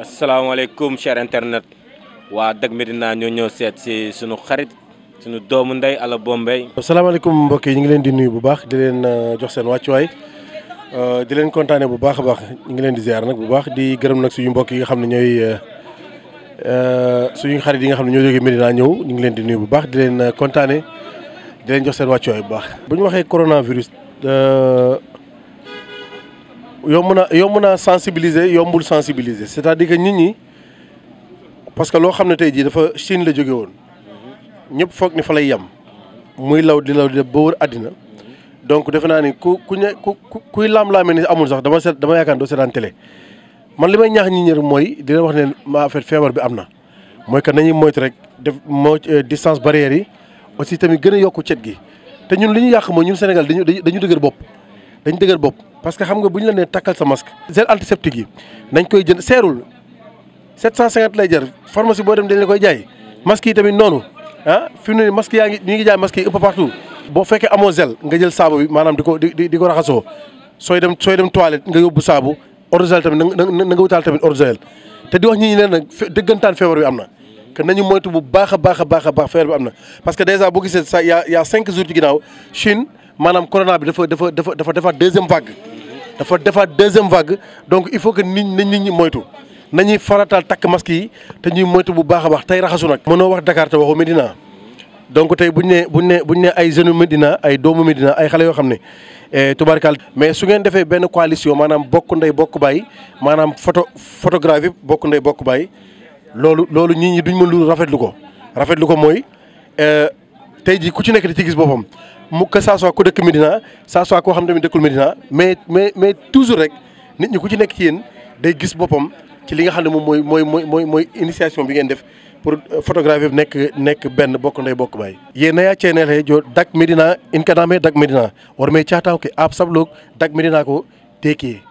asalaamaaleykum cher internet waa Dak Médina ñoo ñëw seet si sunu xarit suñu doomu ndey Alla Bombay. asalaamaaleykum mbokk yi ñu ngi leen di nuyu bu baax di leen euh, jox seen wàccuwaay euh, di leen kontaane bu baax a baax ñu ngi leen di ziar nag bu baax di gërëm nag suñu mbokk yi nga xam ne ñooy. Euh, suñu xarit yi nga xam ne ñooy jógee Médina ñëw ñu ngi leen di nuyu bu baax di leen kontaane di leen jox seen wàccuwaay bu baax. bu ñu waxee coronavirus yomb na yomb naa sensibiliser yombul sensibiliser c'est-à-dire que nit ñi parce que loo xam ne tey jii dafa Chine la jóge woon ñëpp foog ni fa lay yem muy law di law di ba wër àddina donc defe naa ni ku ku ñe ku kuy laam-laamee ni amul sax dama seet dama yaakaar doo seetaan télé man li may ñaax ñi ñi mooy di wax ne ma fait feebar bi am na mooy que nañuy moytu rek def moo euh, distance barrière yi aussi tamit gën a yokk cet gi te ñun li ñu yàq mooy ñun Sénégal dañu dañu dëgër bopp dañu dëgër bopp parce que xam nga bu ñu la nee takkal sa masque. gel antiseptique yi nañ koy jënd seerul 750 lay jar pharmacie boo dem dañ la koy jaay masque yi tamit noonu ah fi mu ne masque yaa ngi ñu ngi jaay masque yi ëpp partout. boo fekkee amoo gel nga jël saabo bi maanaam di ko di ko raxasoo sooy dem sooy nga yóbbu saabu eau de Javel tamit na nga na nga wutaal tamit eau de Javel te di wax ñi ñi ne nag dëggantaan feebar bi am na. que nañu moytu bu baax a baax a baax a baax feebar bi am na parce que dèjà boo gisee a a cinq jours ci ginnaaw manam corona bi dafa dafa deuxième vague. dafa deuxième vague donc il faut que nous ñi nit ñi moytu nañuy faratal tak masque yi te ñuy moytu bu baax baax tay raxasu nak mëno wax Dakar te waxu Medina donc tay buñ né buñ né buñ né ay jeune Medina ay doomu Medina ay xalé eh, mais su ngeen défé ben coalition manam bokku ndey bokku baay manam photo photographie bokku ndey bokku lolu lolu nit ñi duñ rafetlu ko rafetlu ko eh, ku ci mu que ça soit ku dëkk Médina ça soit koo xam tamit dëkkul Médina mais mais mais toujours rek nit ñi ku ci nekk ci yeen day gis bopam ci li nga xam ne moom mooy mooy mooy mooy mooy initiation bi ngeen def pour photographe nekk nekk benn bokk ndey bokk baay ye naya ceenele jo dak Medina in kaname dak war warma cataw ke ab sabloog dak Medina ko teekee